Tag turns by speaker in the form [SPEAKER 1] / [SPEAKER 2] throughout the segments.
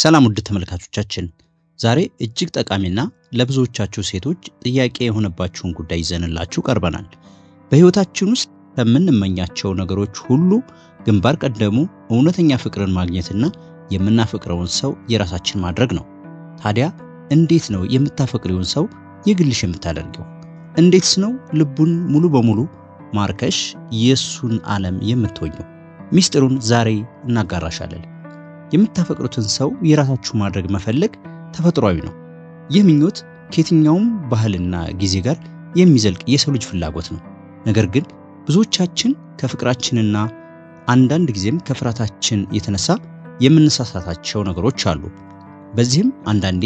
[SPEAKER 1] ሰላም ውድ ተመልካቾቻችን፣ ዛሬ እጅግ ጠቃሚና ለብዙዎቻችሁ ሴቶች ጥያቄ የሆነባችሁን ጉዳይ ይዘንላችሁ ቀርበናል። በሕይወታችን ውስጥ ከምንመኛቸው ነገሮች ሁሉ ግንባር ቀደሙ እውነተኛ ፍቅርን ማግኘትና የምናፈቅረውን ሰው የራሳችን ማድረግ ነው። ታዲያ እንዴት ነው የምታፈቅሪውን ሰው የግልሽ የምታደርገው? እንዴትስ ነው ልቡን ሙሉ በሙሉ ማርከሽ የእሱን ዓለም የምትወኘው? ሚስጢሩን ዛሬ እናጋራሻለን። የምታፈቅሩትን ሰው የራሳችሁ ማድረግ መፈለግ ተፈጥሯዊ ነው። ይህ ምኞት ከየትኛውም ባህልና ጊዜ ጋር የሚዘልቅ የሰው ልጅ ፍላጎት ነው። ነገር ግን ብዙዎቻችን ከፍቅራችንና አንዳንድ ጊዜም ከፍርሃታችን የተነሳ የምንሳሳታቸው ነገሮች አሉ። በዚህም አንዳንዴ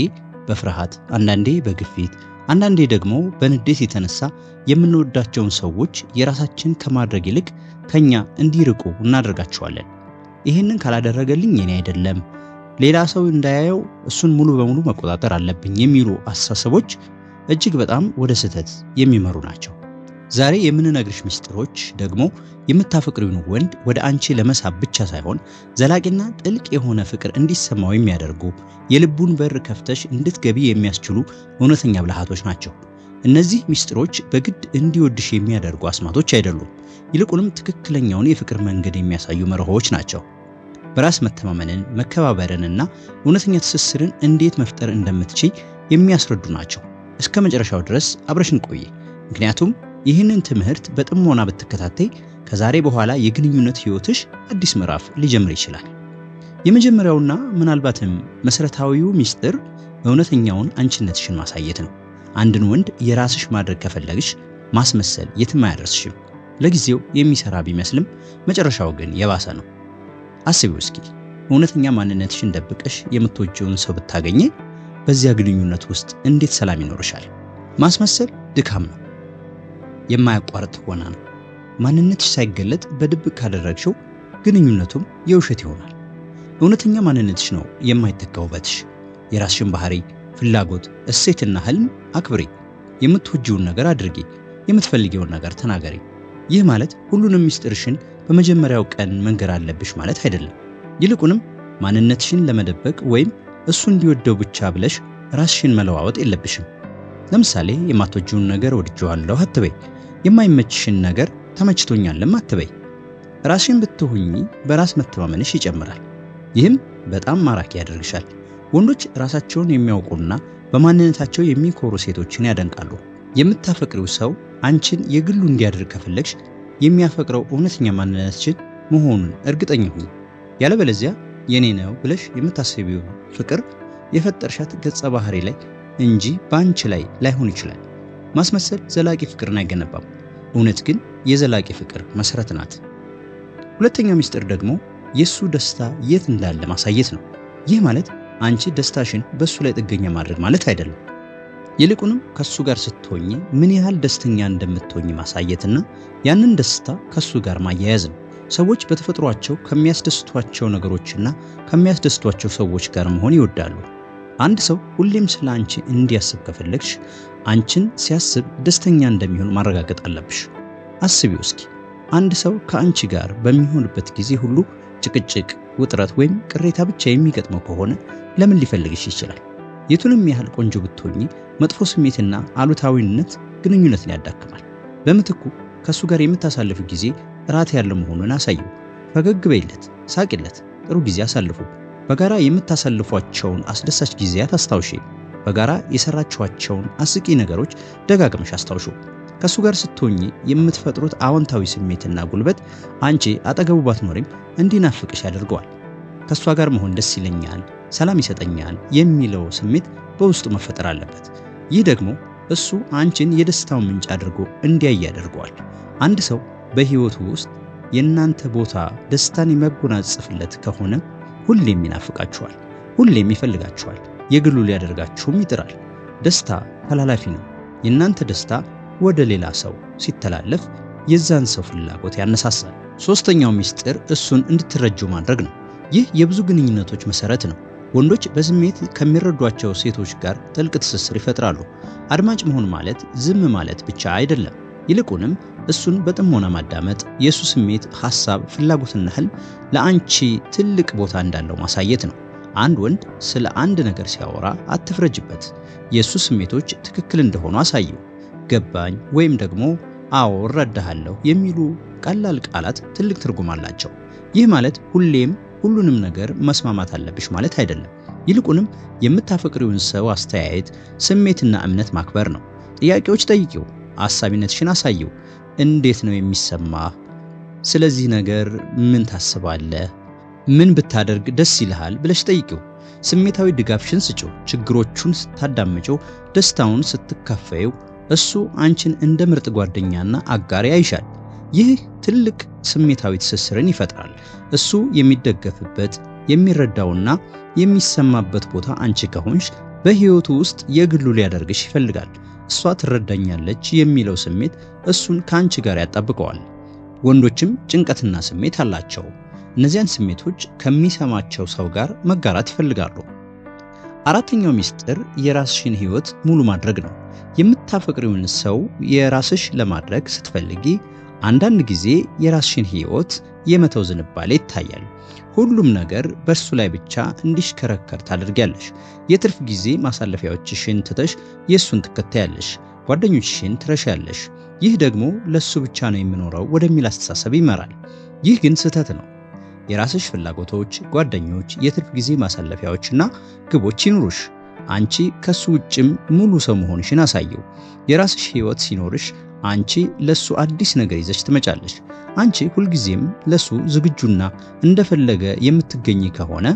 [SPEAKER 1] በፍርሃት፣ አንዳንዴ በግፊት፣ አንዳንዴ ደግሞ በንዴት የተነሳ የምንወዳቸውን ሰዎች የራሳችን ከማድረግ ይልቅ ከኛ እንዲርቁ እናደርጋቸዋለን። ይህንን ካላደረገልኝ የኔ አይደለም፣ ሌላ ሰው እንዳያየው እሱን ሙሉ በሙሉ መቆጣጠር አለብኝ የሚሉ አስተሳሰቦች እጅግ በጣም ወደ ስህተት የሚመሩ ናቸው። ዛሬ የምንነግርሽ ምስጢሮች ደግሞ የምታፈቅሪውን ወንድ ወደ አንቺ ለመሳብ ብቻ ሳይሆን ዘላቂና ጥልቅ የሆነ ፍቅር እንዲሰማው የሚያደርጉ የልቡን በር ከፍተሽ እንድትገቢ የሚያስችሉ እውነተኛ ብልሃቶች ናቸው። እነዚህ ሚስጥሮች በግድ እንዲወድሽ የሚያደርጉ አስማቶች አይደሉም። ይልቁንም ትክክለኛውን የፍቅር መንገድ የሚያሳዩ መርሆዎች ናቸው። በራስ መተማመንን፣ መከባበርንና እውነተኛ ትስስርን እንዴት መፍጠር እንደምትችይ የሚያስረዱ ናቸው። እስከ መጨረሻው ድረስ አብረሽን ቆይ። ምክንያቱም ይህንን ትምህርት በጥሞና ብትከታተይ ከዛሬ በኋላ የግንኙነት ህይወትሽ አዲስ ምዕራፍ ሊጀምር ይችላል። የመጀመሪያውና ምናልባትም መሰረታዊው ሚስጥር እውነተኛውን አንችነትሽን ማሳየት ነው። አንድን ወንድ የራስሽ ማድረግ ከፈለግሽ ማስመሰል የትም አያደርስሽም። ለጊዜው የሚሰራ ቢመስልም መጨረሻው ግን የባሰ ነው። አስቢው እስኪ እውነተኛ ማንነትሽን ደብቀሽ የምትወጂውን ሰው ብታገኘ በዚያ ግንኙነት ውስጥ እንዴት ሰላም ይኖርሻል? ማስመሰል ድካም ነው፣ የማያቋርጥ ሆና ነው። ማንነትሽ ሳይገለጥ በድብቅ ካደረግሽው ግንኙነቱም የውሸት ይሆናል። እውነተኛ ማንነትሽ ነው የማይተካ ውበትሽ፣ የራስሽን ባህሪ፣ ፍላጎት፣ እሴትና ህልም አክብሪ። የምትወጂውን ነገር አድርጊ። የምትፈልጊውን ነገር ተናገሪ። ይህ ማለት ሁሉንም ምስጥርሽን በመጀመሪያው ቀን መንገር አለብሽ ማለት አይደለም። ይልቁንም ማንነትሽን ለመደበቅ ወይም እሱ እንዲወደው ብቻ ብለሽ ራስሽን መለዋወጥ የለብሽም። ለምሳሌ የማትወጂውን ነገር ወድጄዋለሁ አትበይ። የማይመችሽን ነገር ተመችቶኛልም አትበይ። ራስሽን ብትሆኚ በራስ መተማመንሽ ይጨምራል። ይህም በጣም ማራኪ ያደርግሻል። ወንዶች ራሳቸውን የሚያውቁና በማንነታቸው የሚኮሩ ሴቶችን ያደንቃሉ። የምታፈቅሪው ሰው አንቺን የግሉ እንዲያደርግ ከፈለግሽ የሚያፈቅረው እውነተኛ ማንነትሽን መሆኑን እርግጠኛ ሁኚ። ያለበለዚያ የኔ ነው ብለሽ የምታስቢው ፍቅር የፈጠርሻት ገጸ ባህሪ ላይ እንጂ በአንቺ ላይ ላይሆን ይችላል። ማስመሰል ዘላቂ ፍቅርን አይገነባም። እውነት ግን የዘላቂ ፍቅር መሰረት ናት። ሁለተኛው ምስጢር ደግሞ የእሱ ደስታ የት እንዳለ ማሳየት ነው። ይህ ማለት አንቺ ደስታሽን በእሱ ላይ ጥገኛ ማድረግ ማለት አይደለም። ይልቁንም ከሱ ጋር ስትሆኝ ምን ያህል ደስተኛ እንደምትሆኝ ማሳየትና ያንን ደስታ ከሱ ጋር ማያያዝ ነው። ሰዎች በተፈጥሯቸው ከሚያስደስቷቸው ነገሮችና ከሚያስደስቷቸው ሰዎች ጋር መሆን ይወዳሉ። አንድ ሰው ሁሌም ስለ አንቺ እንዲያስብ ከፈለግሽ አንቺን ሲያስብ ደስተኛ እንደሚሆን ማረጋገጥ አለብሽ። አስቢው እስኪ አንድ ሰው ከአንቺ ጋር በሚሆንበት ጊዜ ሁሉ ጭቅጭቅ፣ ውጥረት ወይም ቅሬታ ብቻ የሚገጥመው ከሆነ ለምን ሊፈልግሽ ይችላል? የቱንም ያህል ቆንጆ ብትሆኚ መጥፎ ስሜትና አሉታዊነት ግንኙነትን ያዳክማል። በምትኩ ከእሱ ጋር የምታሳልፉ ጊዜ ጥራት ያለው መሆኑን አሳየው። ፈገግ በይለት፣ ሳቂለት፣ ጥሩ ጊዜ አሳልፉ። በጋራ የምታሳልፏቸውን አስደሳች ጊዜያት አስታውሺ። በጋራ የሰራችኋቸውን አስቂ ነገሮች ደጋግመሽ አስታውሹ። ከእሱ ጋር ስትሆኚ የምትፈጥሩት አዎንታዊ ስሜትና ጉልበት አንቺ አጠገቡ ባትኖሪም እንዲናፍቅሽ ያደርገዋል። ከእሷ ጋር መሆን ደስ ይለኛል፣ ሰላም ይሰጠኛል የሚለው ስሜት በውስጡ መፈጠር አለበት። ይህ ደግሞ እሱ አንቺን የደስታው ምንጭ አድርጎ እንዲያይ ያደርገዋል። አንድ ሰው በሕይወቱ ውስጥ የእናንተ ቦታ ደስታን የሚያጎናጽፍለት ከሆነ ሁሌም ይናፍቃችኋል፣ ሁሌም ይፈልጋችኋል፣ የግሉ ሊያደርጋችሁም ይጥራል። ደስታ ተላላፊ ነው። የእናንተ ደስታ ወደ ሌላ ሰው ሲተላለፍ የዛን ሰው ፍላጎት ያነሳሳል። ሶስተኛው ምስጢር እሱን እንድትረጁ ማድረግ ነው። ይህ የብዙ ግንኙነቶች መሰረት ነው። ወንዶች በስሜት ከሚረዷቸው ሴቶች ጋር ጥልቅ ትስስር ይፈጥራሉ። አድማጭ መሆን ማለት ዝም ማለት ብቻ አይደለም። ይልቁንም እሱን በጥሞና ማዳመጥ፣ የእሱ ስሜት፣ ሐሳብ፣ ፍላጎትና ህልም ለአንቺ ትልቅ ቦታ እንዳለው ማሳየት ነው። አንድ ወንድ ስለ አንድ ነገር ሲያወራ አትፍረጅበት። የእሱ ስሜቶች ትክክል እንደሆኑ አሳየው። ገባኝ ወይም ደግሞ አዎ እረዳሃለሁ የሚሉ ቀላል ቃላት ትልቅ ትርጉም አላቸው። ይህ ማለት ሁሌም ሁሉንም ነገር መስማማት አለብሽ ማለት አይደለም። ይልቁንም የምታፈቅሪውን ሰው አስተያየት፣ ስሜትና እምነት ማክበር ነው። ጥያቄዎች ጠይቂው፣ አሳቢነትሽን አሳየው። እንዴት ነው የሚሰማ ስለዚህ ነገር ምን ታስባለህ? ምን ብታደርግ ደስ ይልሃል ብለሽ ጠይቂው። ስሜታዊ ድጋፍሽን ስጪው። ችግሮቹን ስታዳምጪው፣ ደስታውን ስትካፈዩ እሱ አንቺን እንደ ምርጥ ጓደኛና አጋሪ አይሻል። ይህ ትልቅ ስሜታዊ ትስስርን ይፈጥራል። እሱ የሚደገፍበት የሚረዳውና የሚሰማበት ቦታ አንቺ ከሆንሽ በሕይወቱ ውስጥ የግሉ ሊያደርግሽ ይፈልጋል። እሷ ትረዳኛለች የሚለው ስሜት እሱን ከአንቺ ጋር ያጣብቀዋል። ወንዶችም ጭንቀትና ስሜት አላቸው። እነዚያን ስሜቶች ከሚሰማቸው ሰው ጋር መጋራት ይፈልጋሉ። አራተኛው ሚስጥር የራስሽን ህይወት ሙሉ ማድረግ ነው። የምታፈቅሪውን ሰው የራስሽ ለማድረግ ስትፈልጊ አንዳንድ ጊዜ የራስሽን ህይወት የመተው ዝንባሌ ይታያል። ሁሉም ነገር በእርሱ ላይ ብቻ እንዲሽከረከር ታደርጊያለሽ። የትርፍ ጊዜ ማሳለፊያዎችሽን ትተሽ የእሱን ትከታያለሽ። ጓደኞችሽን ትረሻያለሽ። ይህ ደግሞ ለእሱ ብቻ ነው የምኖረው ወደሚል አስተሳሰብ ይመራል። ይህ ግን ስህተት ነው። የራስሽ ፍላጎቶች፣ ጓደኞች፣ የትርፍ ጊዜ ማሳለፊያዎችና ግቦች ይኑሩሽ። አንቺ ከሱ ውጭም ሙሉ ሰው መሆንሽን አሳየው። የራስሽ ህይወት ሲኖርሽ አንቺ ለሱ አዲስ ነገር ይዘሽ ትመጫለሽ። አንቺ ሁልጊዜም ለሱ ዝግጁና እንደፈለገ የምትገኝ ከሆነ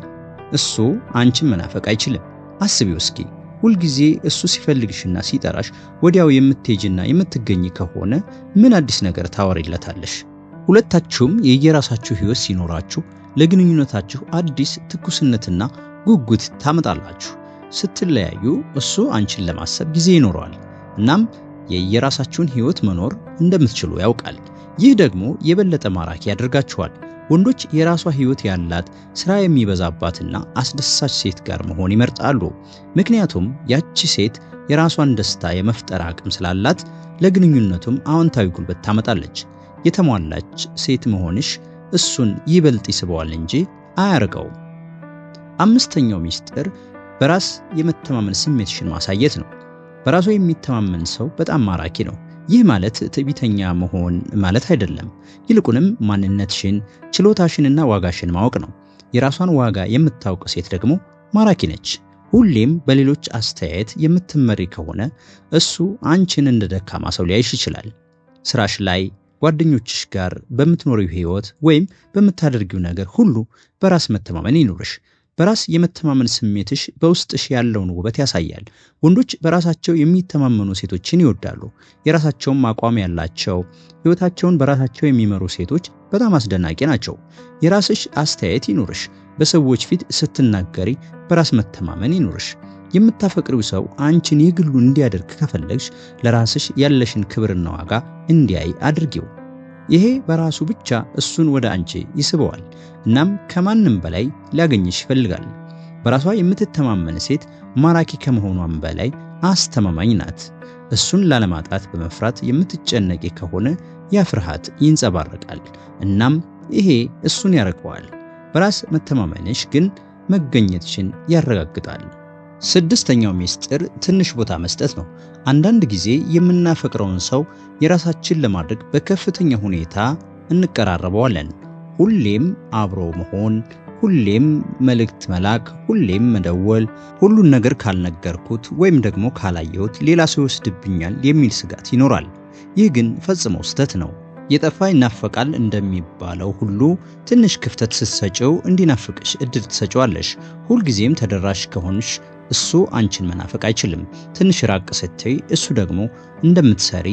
[SPEAKER 1] እሱ አንቺን መናፈቅ አይችልም። አስቢው እስኪ ሁልጊዜ እሱ ሲፈልግሽና ሲጠራሽ ወዲያው የምትሄጅና የምትገኝ ከሆነ ምን አዲስ ነገር ታወሪለታለሽ? ሁለታችሁም የየራሳችሁ ህይወት ሲኖራችሁ ለግንኙነታችሁ አዲስ ትኩስነትና ጉጉት ታመጣላችሁ። ስትለያዩ እሱ አንቺን ለማሰብ ጊዜ ይኖረዋል። እናም የየራሳችሁን ህይወት መኖር እንደምትችሉ ያውቃል። ይህ ደግሞ የበለጠ ማራኪ ያደርጋችኋል። ወንዶች የራሷ ህይወት ያላት ሥራ የሚበዛባትና አስደሳች ሴት ጋር መሆን ይመርጣሉ። ምክንያቱም ያቺ ሴት የራሷን ደስታ የመፍጠር አቅም ስላላት ለግንኙነቱም አዎንታዊ ጉልበት ታመጣለች። የተሟላች ሴት መሆንሽ እሱን ይበልጥ ይስበዋል እንጂ አያርገውም። አምስተኛው ሚስጥር በራስ የመተማመን ስሜትሽን ማሳየት ነው። በራሱ የሚተማመን ሰው በጣም ማራኪ ነው። ይህ ማለት ትዕቢተኛ መሆን ማለት አይደለም። ይልቁንም ማንነትሽን፣ ችሎታሽንና ዋጋሽን ማወቅ ነው። የራሷን ዋጋ የምታውቅ ሴት ደግሞ ማራኪ ነች። ሁሌም በሌሎች አስተያየት የምትመሪ ከሆነ እሱ አንቺን እንደ ደካማ ሰው ሊያይሽ ይችላል። ስራሽ ላይ ጓደኞችሽ ጋር በምትኖሪው ህይወት ወይም በምታደርጊው ነገር ሁሉ በራስ መተማመን ይኑርሽ። በራስ የመተማመን ስሜትሽ በውስጥሽ ያለውን ውበት ያሳያል። ወንዶች በራሳቸው የሚተማመኑ ሴቶችን ይወዳሉ። የራሳቸውም አቋም ያላቸው፣ ህይወታቸውን በራሳቸው የሚመሩ ሴቶች በጣም አስደናቂ ናቸው። የራስሽ አስተያየት ይኑርሽ። በሰዎች ፊት ስትናገሪ በራስ መተማመን ይኑርሽ። የምታፈቅሪው ሰው አንቺን የግሉ እንዲያደርግ ከፈለግሽ ለራስሽ ያለሽን ክብርና ዋጋ እንዲያይ አድርጊው። ይሄ በራሱ ብቻ እሱን ወደ አንቺ ይስበዋል፣ እናም ከማንም በላይ ሊያገኝሽ ይፈልጋል። በራሷ የምትተማመን ሴት ማራኪ ከመሆኗም በላይ አስተማማኝ ናት። እሱን ላለማጣት በመፍራት የምትጨነቂ ከሆነ ያ ፍርሃት ይንጸባረቃል፣ እናም ይሄ እሱን ያረከዋል። በራስ መተማመንሽ ግን መገኘትሽን ያረጋግጣል። ስድስተኛው ሚስጥር ትንሽ ቦታ መስጠት ነው። አንዳንድ ጊዜ የምናፈቅረውን ሰው የራሳችን ለማድረግ በከፍተኛ ሁኔታ እንቀራረበዋለን። ሁሌም አብሮ መሆን፣ ሁሌም መልእክት መላክ፣ ሁሌም መደወል፣ ሁሉን ነገር ካልነገርኩት ወይም ደግሞ ካላየሁት ሌላ ሰው ይወስድብኛል የሚል ስጋት ይኖራል። ይህ ግን ፈጽሞ ስህተት ነው። የጠፋ ይናፈቃል እንደሚባለው ሁሉ ትንሽ ክፍተት ስትሰጭው እንዲናፍቅሽ እድል ትሰጪዋለሽ። ሁልጊዜም ተደራሽ ከሆንሽ እሱ አንቺን መናፈቅ አይችልም። ትንሽ ራቅ ስትይ እሱ ደግሞ እንደምትሰሪ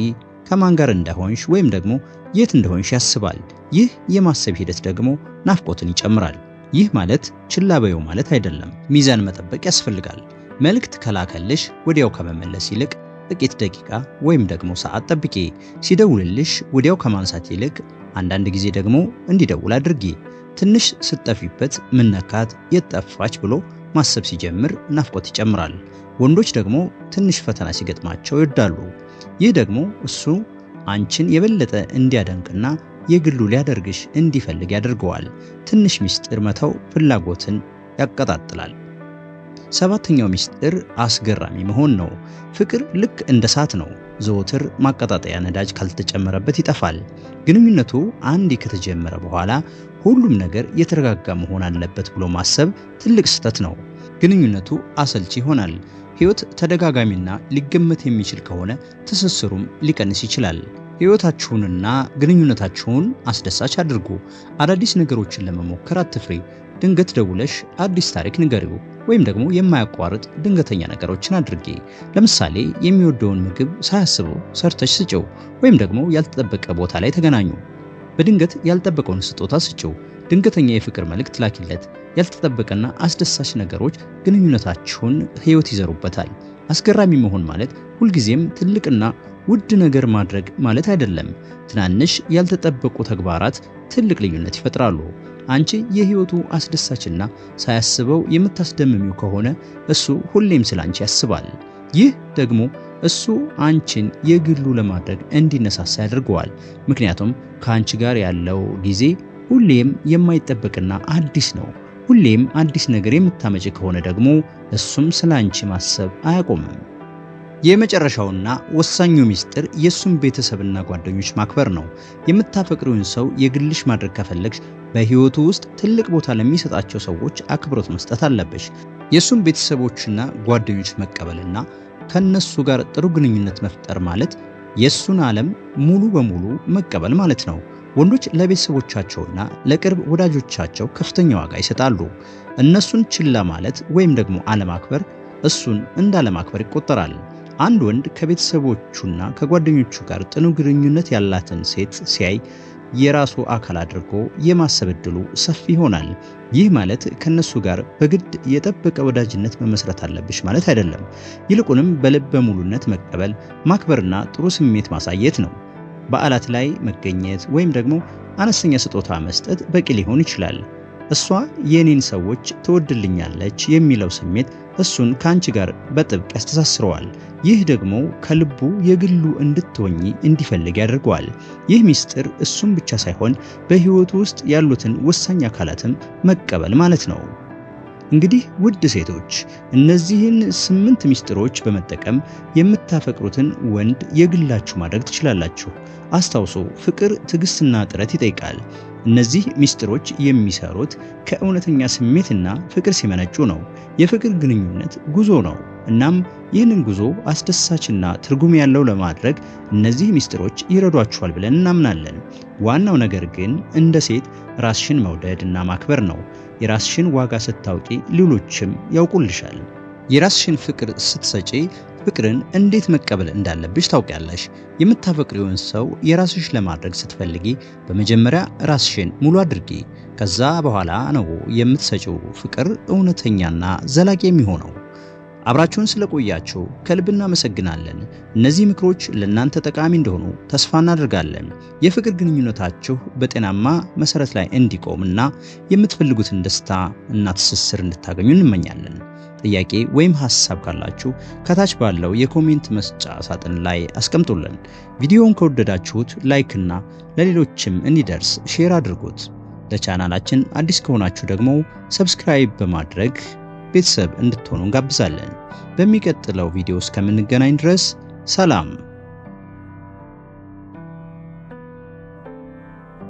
[SPEAKER 1] ከማን ጋር እንደሆንሽ ወይም ደግሞ የት እንደሆንሽ ያስባል። ይህ የማሰብ ሂደት ደግሞ ናፍቆትን ይጨምራል። ይህ ማለት ችላ ማለት አይደለም። ሚዛን መጠበቅ ያስፈልጋል። መልእክት ከላከልሽ ወዲያው ከመመለስ ይልቅ ጥቂት ደቂቃ ወይም ደግሞ ሰዓት ጠብቂ። ሲደውልልሽ ወዲያው ከማንሳት ይልቅ አንዳንድ ጊዜ ደግሞ እንዲደውል አድርጊ። ትንሽ ስትጠፊበት ምነካት ጠፋች ብሎ ማሰብ ሲጀምር ናፍቆት ይጨምራል። ወንዶች ደግሞ ትንሽ ፈተና ሲገጥማቸው ይወዳሉ። ይህ ደግሞ እሱ አንቺን የበለጠ እንዲያደንቅና የግሉ ሊያደርግሽ እንዲፈልግ ያደርገዋል። ትንሽ ምስጢር መተው ፍላጎትን ያቀጣጥላል። ሰባተኛው ምስጢር አስገራሚ መሆን ነው። ፍቅር ልክ እንደ እሳት ነው። ዘወትር ማቀጣጠያ ነዳጅ ካልተጨመረበት ይጠፋል። ግንኙነቱ አንዴ ከተጀመረ በኋላ ሁሉም ነገር የተረጋጋ መሆን አለበት ብሎ ማሰብ ትልቅ ስህተት ነው። ግንኙነቱ አሰልቺ ይሆናል። ህይወት ተደጋጋሚና ሊገመት የሚችል ከሆነ ትስስሩም ሊቀንስ ይችላል። ህይወታችሁንና ግንኙነታችሁን አስደሳች አድርጉ። አዳዲስ ነገሮችን ለመሞከር አትፍሪ። ድንገት ደውለሽ አዲስ ታሪክ ንገሪው፣ ወይም ደግሞ የማያቋርጥ ድንገተኛ ነገሮችን አድርጊ። ለምሳሌ የሚወደውን ምግብ ሳያስበው ሰርተሽ ስጭው፣ ወይም ደግሞ ያልተጠበቀ ቦታ ላይ ተገናኙ። በድንገት ያልጠበቀውን ስጦታ ስጭው። ድንገተኛ የፍቅር መልእክት ላኪለት። ያልተጠበቀና አስደሳች ነገሮች ግንኙነታችሁን ህይወት ይዘሩበታል። አስገራሚ መሆን ማለት ሁልጊዜም ትልቅና ውድ ነገር ማድረግ ማለት አይደለም። ትናንሽ ያልተጠበቁ ተግባራት ትልቅ ልዩነት ይፈጥራሉ። አንቺ የህይወቱ አስደሳችና ሳያስበው የምታስደምሚው ከሆነ እሱ ሁሌም አንቺ ያስባል። ይህ ደግሞ እሱ አንቺን የግሉ ለማድረግ እንዲነሳሳ ያደርገዋል። ምክንያቱም ከአንቺ ጋር ያለው ጊዜ ሁሌም የማይጠበቅና አዲስ ነው። ሁሌም አዲስ ነገር የምታመጭ ከሆነ ደግሞ እሱም ስለ አንቺ ማሰብ አያቆምም። የመጨረሻውና ወሳኙ ሚስጥር የእሱን ቤተሰብና ጓደኞች ማክበር ነው። የምታፈቅሪውን ሰው የግልሽ ማድረግ ከፈለግሽ በሕይወቱ ውስጥ ትልቅ ቦታ ለሚሰጣቸው ሰዎች አክብሮት መስጠት አለበች። የእሱን ቤተሰቦችና ጓደኞች መቀበልና ከነሱ ጋር ጥሩ ግንኙነት መፍጠር ማለት የእሱን ዓለም ሙሉ በሙሉ መቀበል ማለት ነው። ወንዶች ለቤተሰቦቻቸውና ለቅርብ ወዳጆቻቸው ከፍተኛ ዋጋ ይሰጣሉ። እነሱን ችላ ማለት ወይም ደግሞ አለማክበር እሱን እንዳለማክበር ይቆጠራል። አንድ ወንድ ከቤተሰቦቹና ከጓደኞቹ ጋር ጥኑ ግንኙነት ያላትን ሴት ሲያይ የራሱ አካል አድርጎ የማሰብ እድሉ ሰፊ ይሆናል። ይህ ማለት ከነሱ ጋር በግድ የጠበቀ ወዳጅነት መመስረት አለብሽ ማለት አይደለም። ይልቁንም በልበ ሙሉነት መቀበል፣ ማክበርና ጥሩ ስሜት ማሳየት ነው። በዓላት ላይ መገኘት ወይም ደግሞ አነስተኛ ስጦታ መስጠት በቂ ሊሆን ይችላል። እሷ የኔን ሰዎች ትወድልኛለች የሚለው ስሜት እሱን ከአንቺ ጋር በጥብቅ ያስተሳስረዋል። ይህ ደግሞ ከልቡ የግሉ እንድትሆኚ እንዲፈልግ ያደርገዋል። ይህ ሚስጥር እሱም ብቻ ሳይሆን በሕይወቱ ውስጥ ያሉትን ወሳኝ አካላትም መቀበል ማለት ነው። እንግዲህ ውድ ሴቶች እነዚህን ስምንት ሚስጥሮች በመጠቀም የምታፈቅሩትን ወንድ የግላችሁ ማድረግ ትችላላችሁ። አስታውሶ ፍቅር ትዕግስትና ጥረት ይጠይቃል። እነዚህ ሚስጥሮች የሚሰሩት ከእውነተኛ ስሜትና ፍቅር ሲመነጩ ነው። የፍቅር ግንኙነት ጉዞ ነው። እናም ይህንን ጉዞ አስደሳችና ትርጉም ያለው ለማድረግ እነዚህ ሚስጥሮች ይረዷችኋል ብለን እናምናለን። ዋናው ነገር ግን እንደ ሴት ራስሽን መውደድ እና ማክበር ነው። የራስሽን ዋጋ ስታውቂ፣ ሌሎችም ያውቁልሻል። የራስሽን ፍቅር ስትሰጪ ፍቅርን እንዴት መቀበል እንዳለብሽ ታውቂያለሽ። የምታፈቅሪውን ሰው የራስሽ ለማድረግ ስትፈልጊ በመጀመሪያ ራስሽን ሙሉ አድርጊ። ከዛ በኋላ ነው የምትሰጪው ፍቅር እውነተኛና ዘላቂ የሚሆነው። አብራችሁን ስለቆያችሁ ከልብ እናመሰግናለን። እነዚህ ምክሮች ለእናንተ ጠቃሚ እንደሆኑ ተስፋ እናደርጋለን። የፍቅር ግንኙነታችሁ በጤናማ መሰረት ላይ እንዲቆምና የምትፈልጉትን ደስታ እና ትስስር እንድታገኙ እንመኛለን። ጥያቄ ወይም ሐሳብ ካላችሁ ከታች ባለው የኮሜንት መስጫ ሳጥን ላይ አስቀምጡልን። ቪዲዮውን ከወደዳችሁት ላይክና ለሌሎችም እንዲደርስ ሼር አድርጉት። ለቻናላችን አዲስ ከሆናችሁ ደግሞ ሰብስክራይብ በማድረግ ቤተሰብ እንድትሆኑ እንጋብዛለን። በሚቀጥለው ቪዲዮ እስከምንገናኝ ድረስ ሰላም።